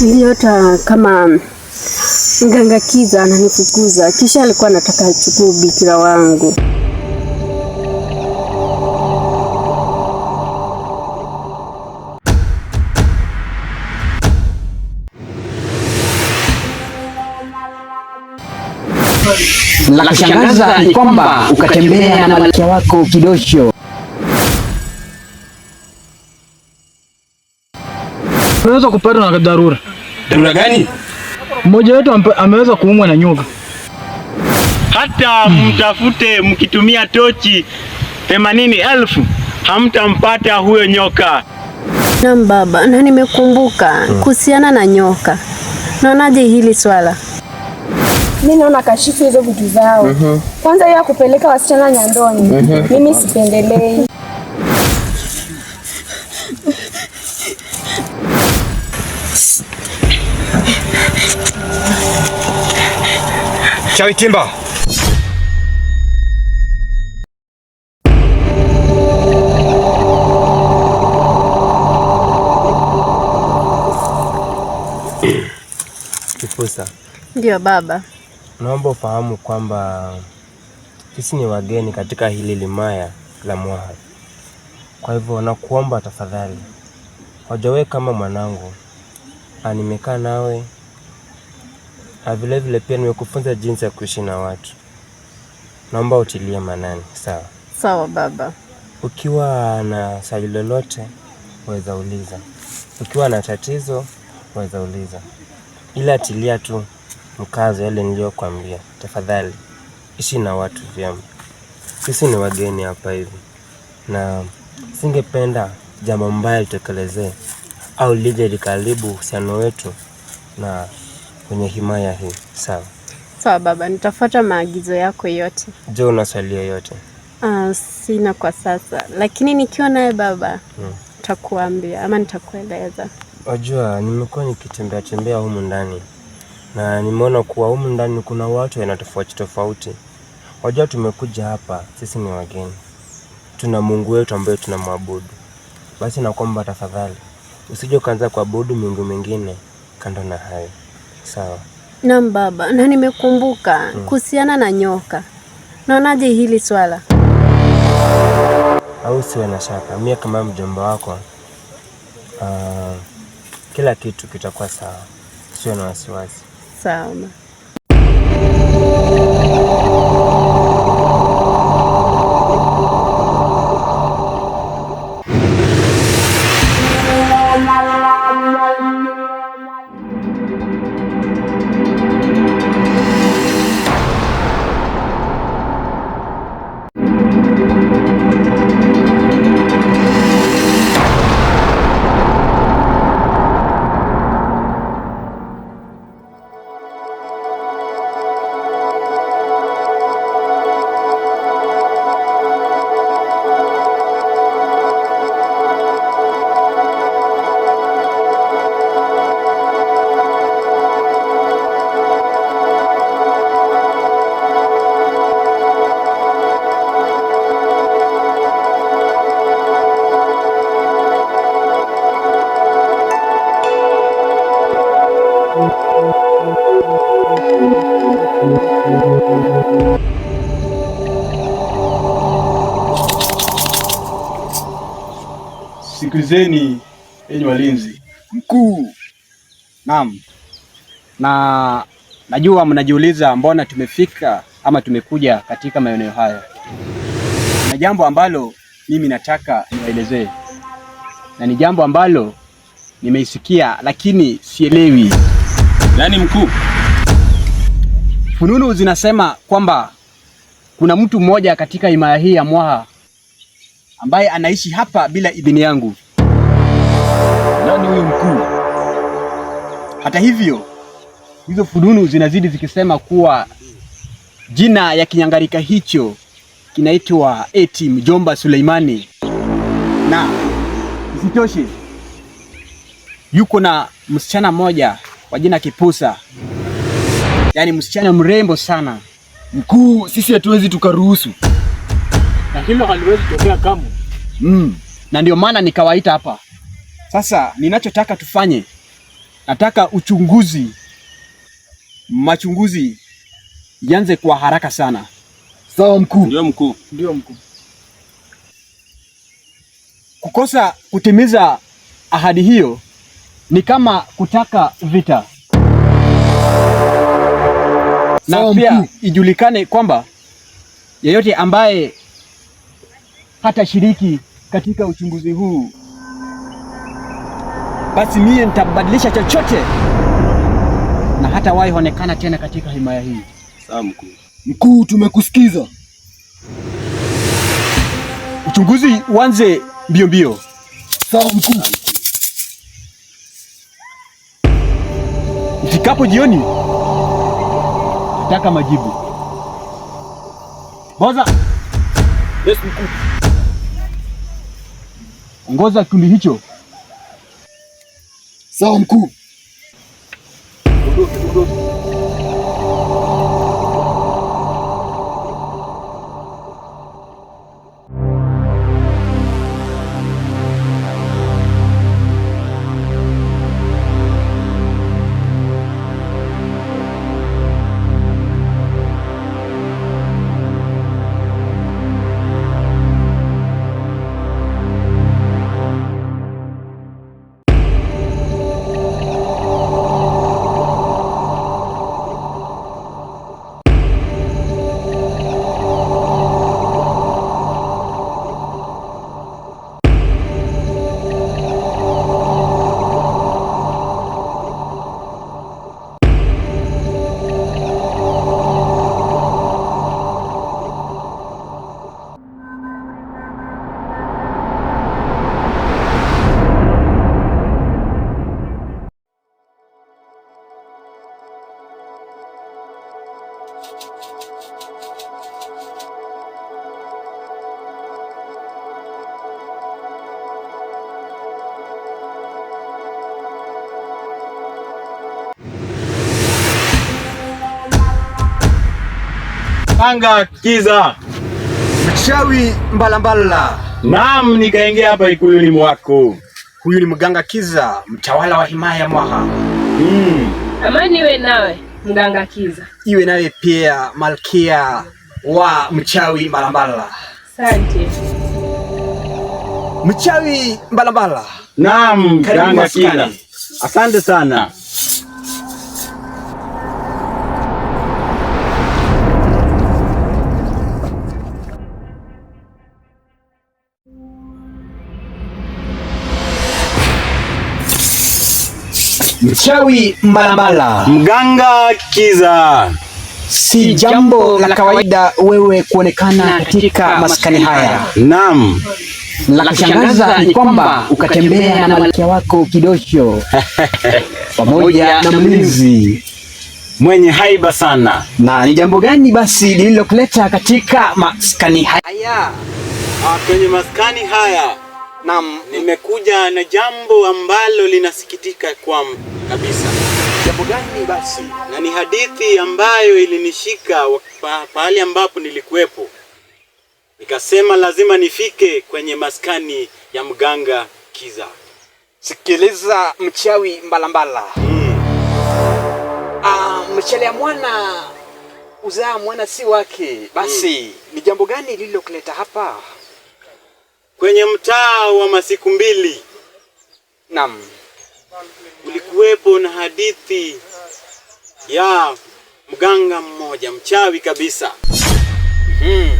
Niliota mhm. kama mganga Kiza ananifukuza, kisha alikuwa anataka achukue ubikira wangu. La kushangaza ni kwamba ukatembea na malkia wako Kidosho. tunaweza kupatwa na dharura. Dharura gani? Mmoja wetu ameweza kuumwa na nyoka. Hata mtafute mkitumia tochi themanini elfu hamtampata huyo nyoka. Naam baba, na nimekumbuka kuhusiana na nyoka, naonaje hili swala? Mi naona kashifu hizo vitu zao. mm -hmm. Kwanza ya kupeleka wasichana nyandoni, mm -hmm. mimi sipendelei Chawi Kimba. Kifusa. Ndio baba. Naomba ufahamu kwamba sisi ni wageni katika hili limaya la Mwaha. Kwa hivyo nakuomba tafadhali, wajawe kama mwanangu, animekaa nawe na ah, vile vile pia nimekufunza jinsi ya kuishi na watu. Naomba utilie manani, sawa? Sawa baba. Ukiwa na swali lolote waweza uliza, ukiwa na tatizo waweza uliza, ila atilia tu mkazo yale niliyokuambia. Tafadhali ishi na watu vyema, sisi ni wageni hapa hivi, na singependa jambo mbaya litekelezee au lije likaribu uhusiano wetu na kwenye himaya hii sawa? Sawa baba, nitafuata maagizo yako yote. Je, una swali yoyote? Uh, ah, sina kwa sasa, lakini nikiwa naye baba hmm. nitakuambia hmm, ama nitakueleza. Wajua, nimekuwa nikitembea tembea humu ndani na nimeona kuwa humu ndani kuna watu aina tofauti tofauti. Wajua, tumekuja hapa sisi ni wageni, tuna Mungu wetu ambaye tunamwabudu. Basi nakuomba tafadhali usije ukaanza kuabudu miungu mingine kando na hayo. Sawa. Naam baba, na nimekumbuka hmm, kuhusiana na nyoka, naonaje hili swala? Au siwe na shaka, mimi kama mjomba wako, uh, kila kitu kitakuwa sawa, sio na wasiwasi. Sawa. Sikilizeni enyi walinzi. Mkuu, naam. Na najua mnajiuliza mbona tumefika ama tumekuja katika maeneo haya, na jambo ambalo mimi nataka niwaelezee, na ni jambo ambalo nimeisikia lakini sielewi. Nani mkuu, fununu zinasema kwamba kuna mtu mmoja katika himaya hii ya Mwaha ambaye anaishi hapa bila idhini yangu huyu mkuu. Hata hivyo, hizo fununu zinazidi zikisema kuwa jina ya kinyangarika hicho kinaitwa eti mjomba Suleimani, na isitoshe yuko na msichana mmoja kwa jina Kipusa, yaani msichana mrembo sana. Mkuu, sisi hatuwezi tukaruhusu, na hilo haliwezi tokea kamwe. Mm, na ndio maana nikawaita hapa sasa ninachotaka tufanye, nataka uchunguzi, machunguzi yanze kwa haraka sana. Sawa mkuu? Ndio mkuu. Ndio mkuu. Kukosa kutimiza ahadi hiyo ni kama kutaka vita. na pia ijulikane kwamba yeyote ambaye hatashiriki katika uchunguzi huu basi mie nitambadilisha chochote na hata wahi onekana tena katika himaya hii. Sawa mkuu. Mkuu, tumekusikiza. Uchunguzi uanze mbio mbio. Sawa mkuu. Ifikapo jioni nataka majibu. Boza. Yes mkuu. Ongoza kikundi hicho Sawa mkuu. Tanga kiza mchawi mbalambala. Naam, nikaingia hapa ikuluni mwako. Huyu ni mganga kiza, mtawala wa himaya Mwaha. Mm. Amani iwe nawe mganga kiza, iwe nawe pia malkia wa mchawi mbalambala. Asante mchawi mbalambala. Naam, mganga kiza, asante sana. Mchawi Mbalambala, mganga kiza. Si jambo la kawaida wewe kuonekana katika maskani haya. Naam. La kushangaza ni kwamba ukatembea na malkia wako Kidosho pamoja na mlinzi mwenye haiba sana. Na ni jambo gani basi lililokuleta katika maskani haya? Ah, kwenye maskani haya Naam, nimekuja na jambo ambalo linasikitika kwangu kabisa. Jambo gani basi? Na ni hadithi ambayo ilinishika pahali ambapo nilikuwepo, nikasema lazima nifike kwenye maskani ya mganga Kiza. Sikiliza mchawi mbalambala mbala. Hmm. Ah, mchelea mwana uzaa mwana si wake. Basi hmm, ni jambo gani lililokuleta hapa? kwenye mtaa wa masiku mbili. Naam, kulikuwepo na hadithi ya mganga mmoja mchawi kabisa. Hmm.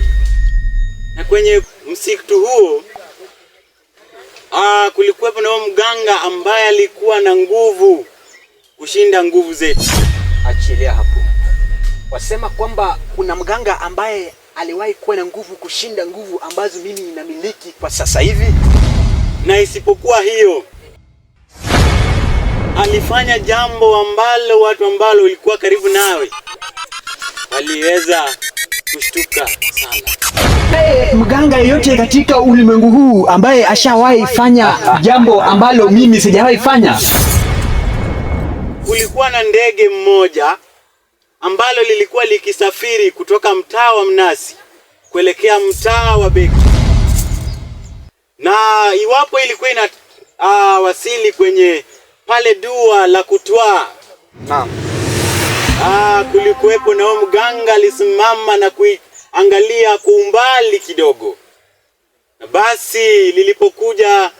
Na kwenye msitu huo ah, kulikuwepo na mganga ambaye alikuwa na nguvu kushinda nguvu zetu. Achilia hapo. Wasema kwamba kuna mganga ambaye aliwahi kuwa na nguvu kushinda nguvu ambazo mimi ninamiliki kwa sasa hivi? Na isipokuwa hiyo, alifanya jambo ambalo watu ambalo walikuwa karibu nawe waliweza kushtuka sana. Hey, mganga yeyote katika ulimwengu huu ambaye ashawahi fanya jambo ambalo mimi sijawahi fanya? Kulikuwa na ndege mmoja ambalo lilikuwa likisafiri kutoka mtaa wa mnasi kuelekea mtaa wa Beki, na iwapo ilikuwa ina uh, wasili kwenye pale dua la kutwaa, naam, ah, kulikuwepo nao mganga alisimama na kuiangalia kwa umbali kidogo, na basi lilipokuja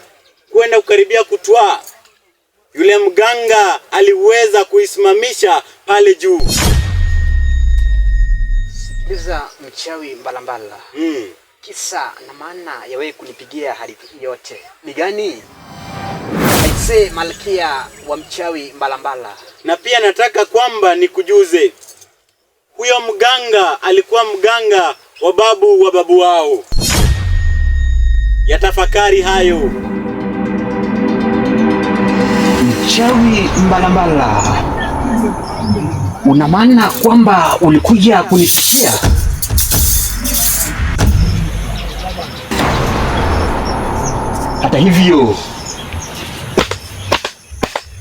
kwenda kukaribia kutwaa, yule mganga aliweza kuisimamisha pale juu kumtuliza mchawi Mbalambala mm. Kisa na maana ya wewe kunipigia hadithi yote ni gani? Aise, malkia wa mchawi Mbalambala, na pia nataka kwamba nikujuze huyo mganga alikuwa mganga wa babu wa babu wao. Yatafakari hayo. Mchawi Mbalambala. Una maana kwamba ulikuja kunitukia? Hata hivyo,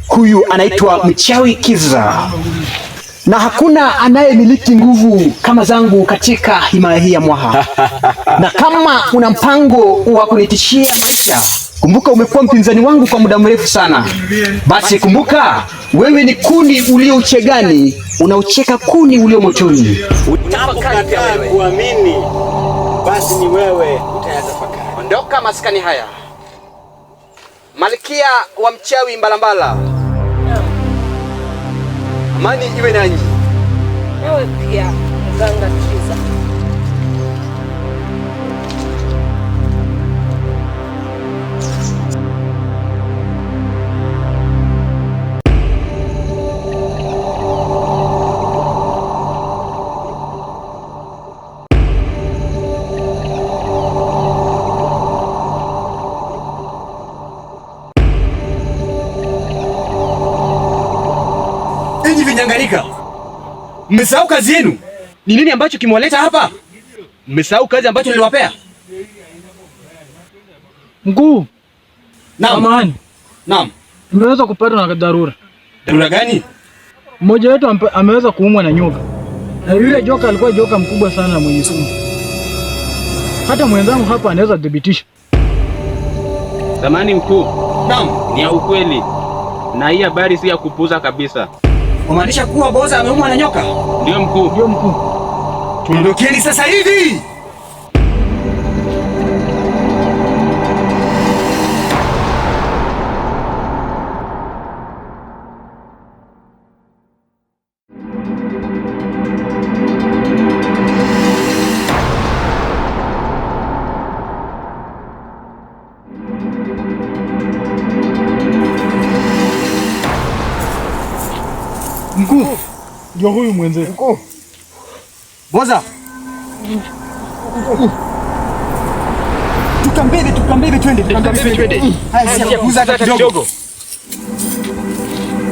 huyu anaitwa mchawi Kiza, na hakuna anayemiliki nguvu kama zangu katika himaya hii ya Mwaha. Na kama una mpango wa kunitishia maisha Kumbuka umekuwa mpinzani wangu kwa muda mrefu sana. Basi kumbuka wewe ni kuni ulio uchegani, unaocheka kuni ulio motoni. Utakapokataa kuamini, basi ni wewe utayatafakari. Ondoka maskani haya, malkia wa mchawi Mbalambala. Amani iwe nanyi. Wewe pia mganga. Tanganyika. Mmesahau kazi yenu? Ni nini ambacho kimewaleta hapa? Mmesahau kazi ambacho niliwapea? Mkuu. Naam. Naam. Tumeweza kupata na dharura. Dharura gani? Mmoja wetu ameweza kuumwa na nyoka. Na yule joka alikuwa joka mkubwa sana na mwenye sumu. Hata mwenzangu hapa anaweza kudhibitisha. Samani mkuu. Naam. Ni ya ukweli. Na hii habari si ya kupuza kabisa. Kumaanisha kuwa Boza ameumwa na nyoka? Ndio mkuu. Ndio mkuu. Tuondokeni sasa hivi. ndio huyu mwenzetu Boza. Tukambebe, tukambebe twende, tukambebe twende. Haya, siakuza hata kidogo.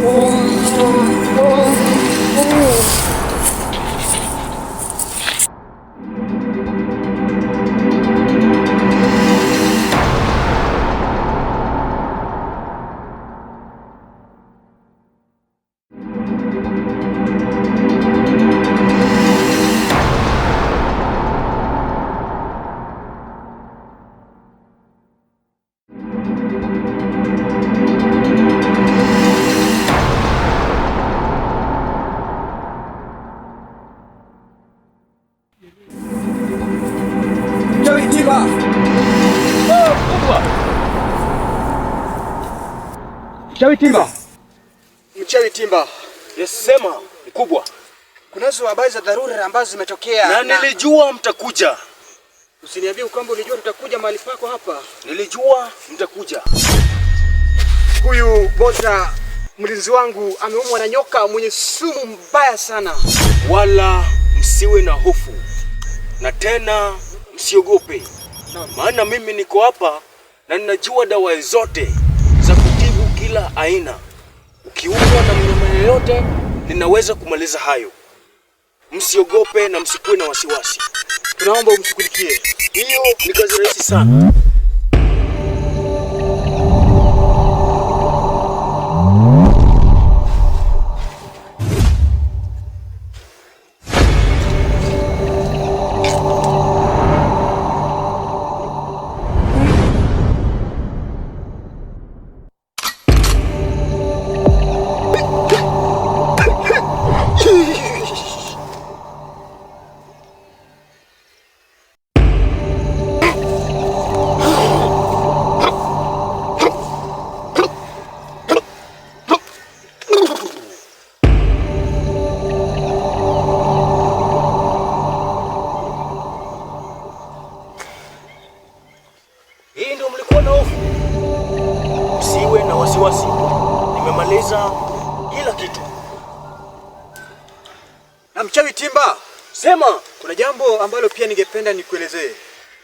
Oh, oh, oh. Mchawi Timba. Mchawi Timba. Yes, sema mkubwa. Kunazo habari za dharura ambazo zimetokea. Na, nilijua mtakuja. Usiniambie kwamba ulijua tutakuja mahali pako hapa. Nilijua mtakuja. Huyu Boza mlinzi wangu ameumwa na nyoka mwenye sumu mbaya sana. Wala msiwe na hofu na tena msiogope, maana mimi niko hapa na ninajua dawa zote kila aina. Ukiumwa na mnyama yoyote ninaweza kumaliza hayo. Msiogope na msikuwe na wasiwasi. Tunaomba umshughulikie. Hiyo ni kazi rahisi sana.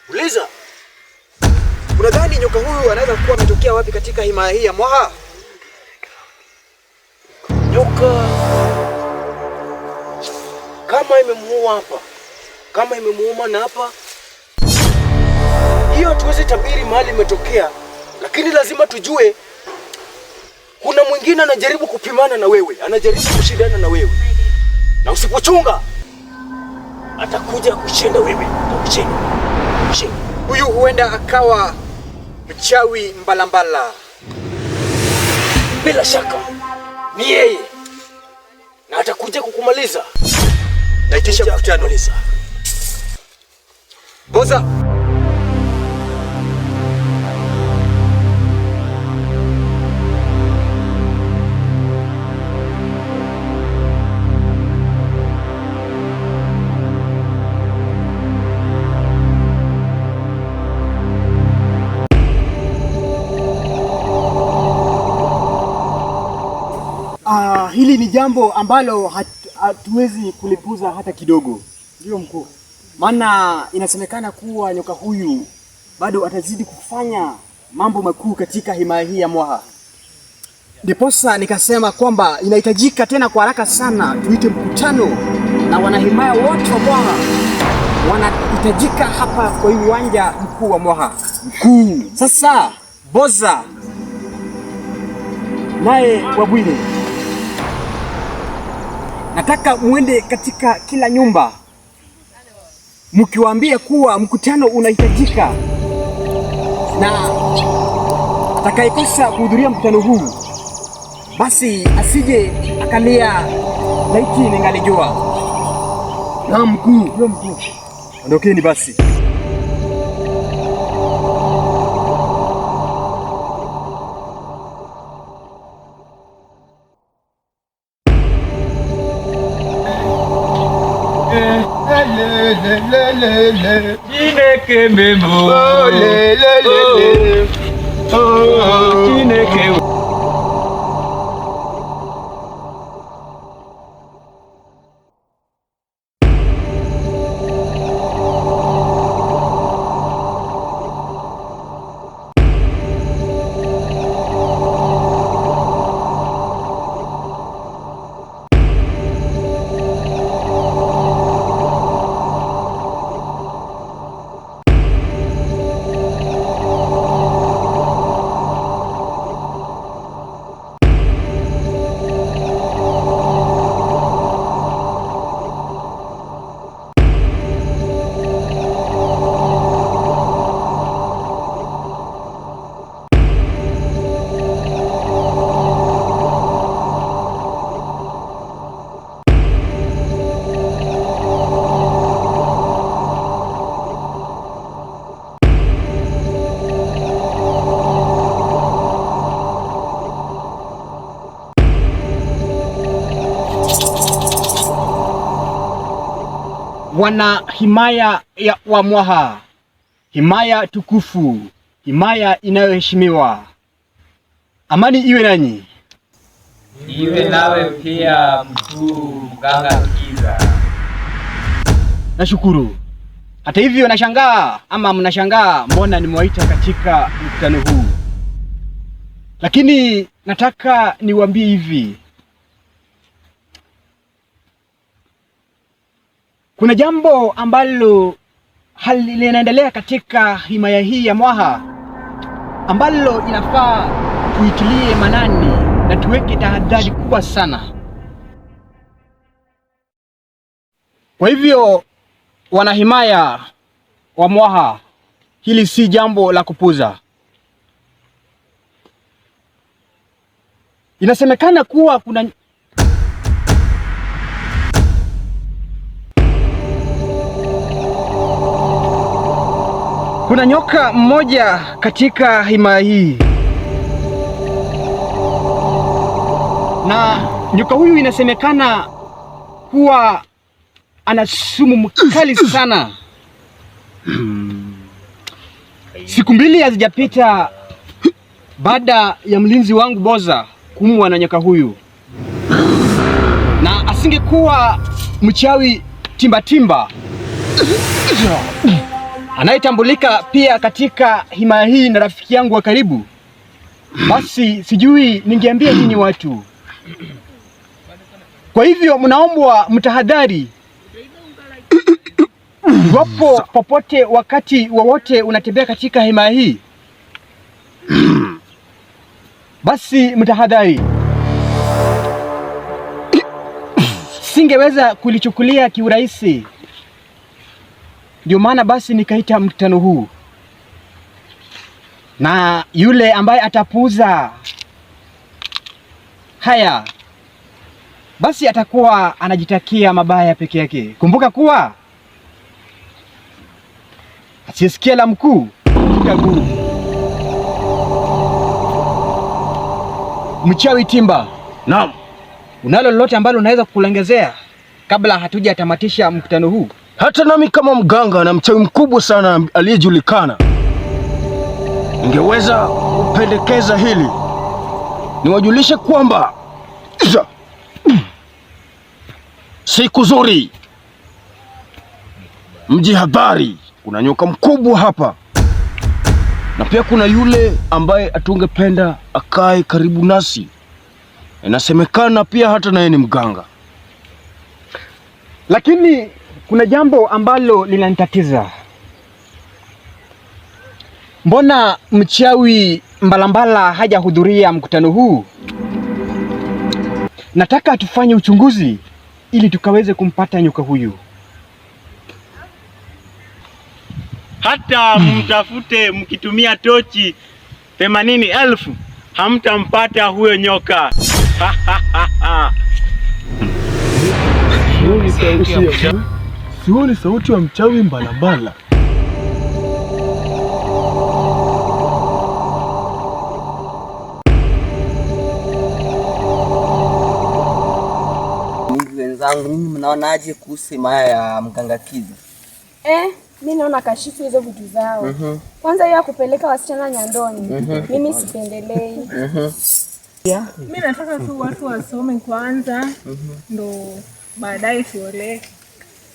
Uliza. Unadhani nyoka huyu anaweza kuwa ametokea wapi katika himaya hii ya Mwaha? Nyoka kama imemuua hapa, kama imemuuma na hapa, hiyo hatuwezi tabiri mahali imetokea, lakini lazima tujue kuna mwingine anajaribu kupimana na wewe, anajaribu kushindana na wewe, na usipochunga atakuja kushinda wewe, atakushinda huyu huenda akawa mchawi mbalambala. Bila shaka ni yeye, na atakuja kukumaliza. Naitisha mkutano. Boza. Hili ni jambo ambalo hatuwezi kulipuza hata kidogo, ndio mkuu, maana inasemekana kuwa nyoka huyu bado atazidi kufanya mambo makuu katika himaya hii ya Mwaha. Ndiposa nikasema kwamba inahitajika tena kwa haraka sana tuite mkutano na wanahimaya wote wa Mwaha wanahitajika hapa kwa hii uwanja mkuu wa Mwaha. Mkuu sasa, Boza naye Wabwile Nataka mwende katika kila nyumba mkiwaambia kuwa mkutano unahitajika, na atakayekosa kuhudhuria mkutano huu basi asije akalia laiti ningalijua. Na mkuu, ndio mkuu, ondokeni basi. Chineke memo. Oh, le, le, le, le. Oh, Chineke. wana himaya ya wa Mwaha, himaya tukufu, himaya inayoheshimiwa. Amani iwe nanyi, iwe nawe pia, mkuu mganga Kiza. Nashukuru. Hata hivyo, nashangaa ama mnashangaa mbona nimewaita katika mkutano huu, lakini nataka niwaambie hivi Kuna jambo ambalo linaendelea katika himaya hii ya Mwaha ambalo inafaa tuitilie manani na tuweke tahadhari kubwa sana. Kwa hivyo, wanahimaya wa Mwaha, hili si jambo la kupuza. Inasemekana kuwa kuna Kuna nyoka mmoja katika himaya hii, na nyoka huyu inasemekana kuwa ana sumu mkali sana. Siku mbili hazijapita baada ya mlinzi wangu Boza kumwa na nyoka huyu, na asingekuwa mchawi timbatimba timba anayetambulika pia katika himaya hii na rafiki yangu wa karibu, basi sijui ningeambia nyinyi watu. Kwa hivyo mnaombwa mtahadhari iwapo popote wakati wowote unatembea katika himaya hii, basi mtahadhari. Singeweza kulichukulia kiurahisi. Ndio maana basi nikaita mkutano huu, na yule ambaye atapuuza haya basi atakuwa anajitakia mabaya peke yake. Kumbuka kuwa asiyesikia la mkuu kaguu. Mchawi Timba, naam, unalo lolote ambalo unaweza kukulengezea kabla hatujatamatisha mkutano huu? Hata nami kama mganga na mchawi mkubwa sana aliyejulikana, ningeweza kupendekeza hili, niwajulishe kwamba siku zuri mji habari, kuna nyoka mkubwa hapa, na pia kuna yule ambaye atungependa akae karibu nasi. Inasemekana pia hata naye ni mganga, lakini kuna jambo ambalo linanitatiza. Mbona mchawi Mbalambala hajahudhuria mkutano huu? Nataka tufanye uchunguzi ili tukaweze kumpata nyoka huyu. Hata hmm. mtafute mkitumia tochi themanini elfu hamtampata huyo nyoka. Hmm. Sioni ni sauti ya mchawi Mbalambala. Wenzangu, mimi mnaonaje kuhusu maya ya mganga Kiza? Eh, mimi naona kashifu hizo vitu zao. mm -hmm. Kwanza hiyo ya kupeleka wasichana Nyandoni. mm -hmm. Mimi sipendelei. mm -hmm. yeah. Mimi nataka tu watu wasome kwanza, mm -hmm. ndo baadaye tuoleke.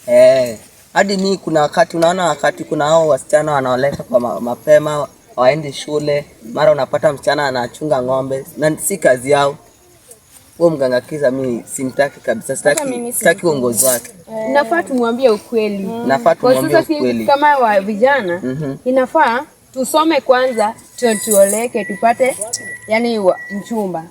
Eh, hadi mi kuna wakati unaona, wakati kuna hao wasichana wanaoleka kwa mapema waende shule, mara unapata msichana anachunga ng'ombe na si kazi yao. Huo mganga Kiza mi simtaki kabisa, sitaki sitaki uongozi wake. Eh. Nafaa tumwambie ukweli, mm. nafaa tumwambie ukweli kama wa vijana mm -hmm. Inafaa tusome kwanza, tuoleke tupate yani wa, mchumba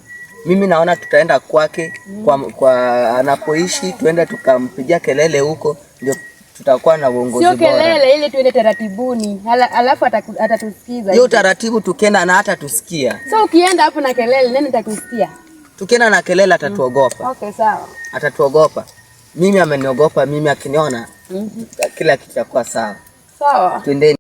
mimi naona tutaenda kwake kwa, kwa anapoishi tuende tukampigia kelele huko ndio tutakuwa na uongozi bora. Sio kelele ile, tuende taratibuni, alafu atatusikiza. Hiyo taratibu tukienda na hata tusikia. So ukienda hapo na kelele, nani atakusikia? Tukienda na kelele atatuogopa. Mm. Okay, sawa. Atatuogopa. Mimi ameniogopa mimi, akiniona mhm. kila kitu kitakuwa sawa. Sawa. Twendeni.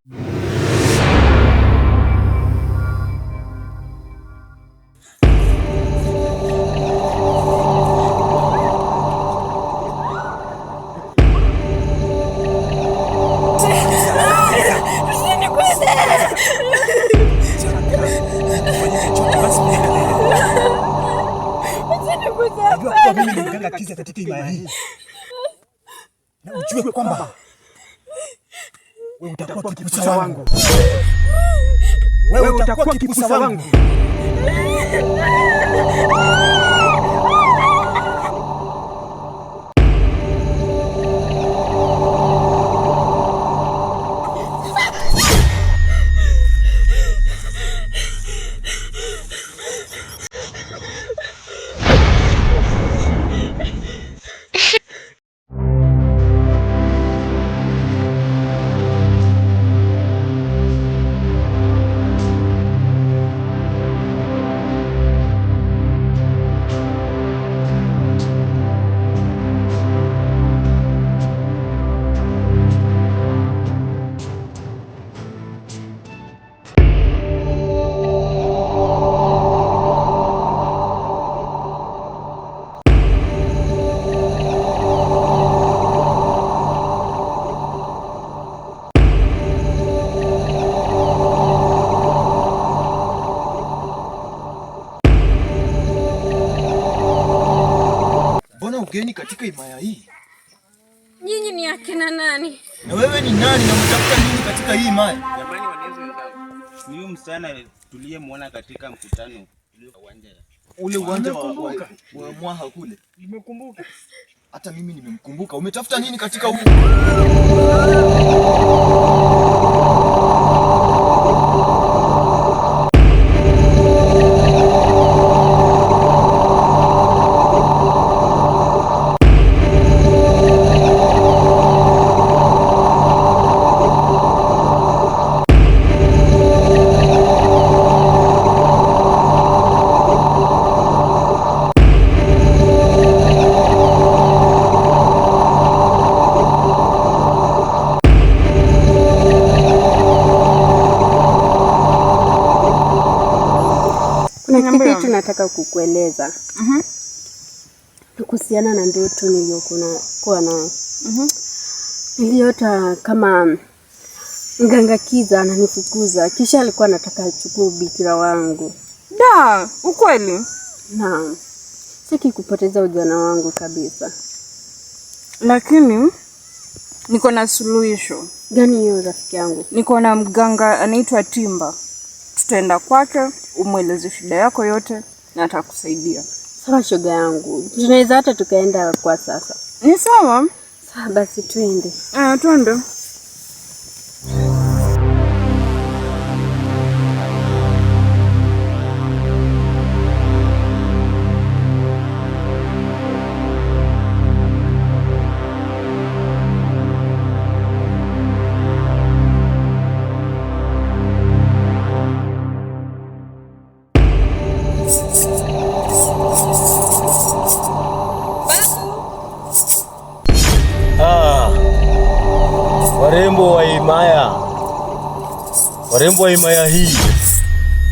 三万五。katika mkutano ule uwanja wa Mwaha kule. Nimekumbuka. Hata mimi nimemkumbuka. Umetafuta nini katika huu? nataka kukueleza mm -hmm. kuhusiana na ndoto niliyokuwa na mm -hmm. niliota kama mganga Kiza ananifukuza, kisha alikuwa anataka achukue ubikira wangu. Da, ukweli? Naam, siki kupoteza ujana wangu kabisa, lakini niko na suluhisho. Gani hiyo, rafiki yangu? Niko na mganga anaitwa Timba, tutaenda kwake, umweleze shida yako yote, na atakusaidia. Sawa shoga yangu, tunaweza hata tukaenda kwa sasa. Ni sawa. Sawa basi, twende. Ah, twende.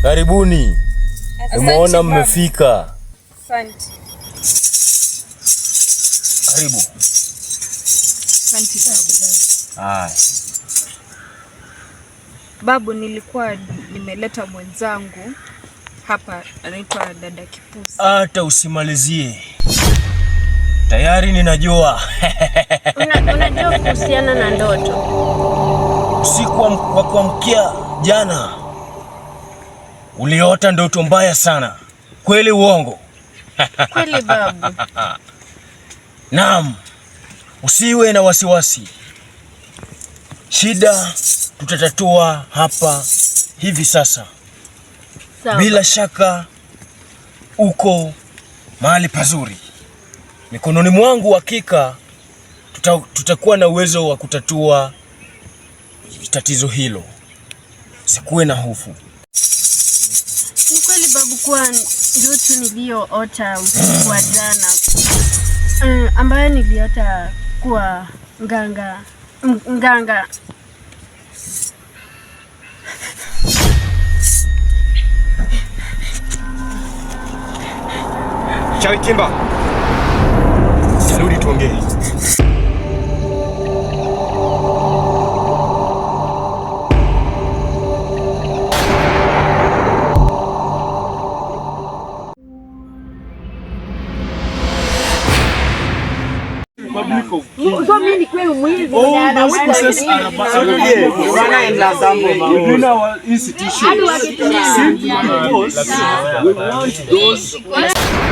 Karibuni. Umeona mmefika. Asante. Karibu. Asante babu. Babu, nilikuwa nimeleta mwenzangu hapa anaitwa dada Kipusi. Hata usimalizie. Tayari ninajua. Unajua kuhusiana na ndoto usiku wa kuamkia jana Uliota ndoto mbaya sana kweli, uongo kweli babu? Naam, usiwe na wasiwasi, shida tutatatua hapa hivi sasa. Sawa. Bila shaka uko mahali pazuri mikononi mwangu, hakika tuta, tutakuwa na uwezo wa kutatua tatizo hilo, sikuwe na hofu ilikuwa njutu niliyoota usiku wa jana uh, ambayo niliota kuwa nganga nganga Chawi Kimba, tarudi tuongee. all those processes are about within our institutions simply because we want those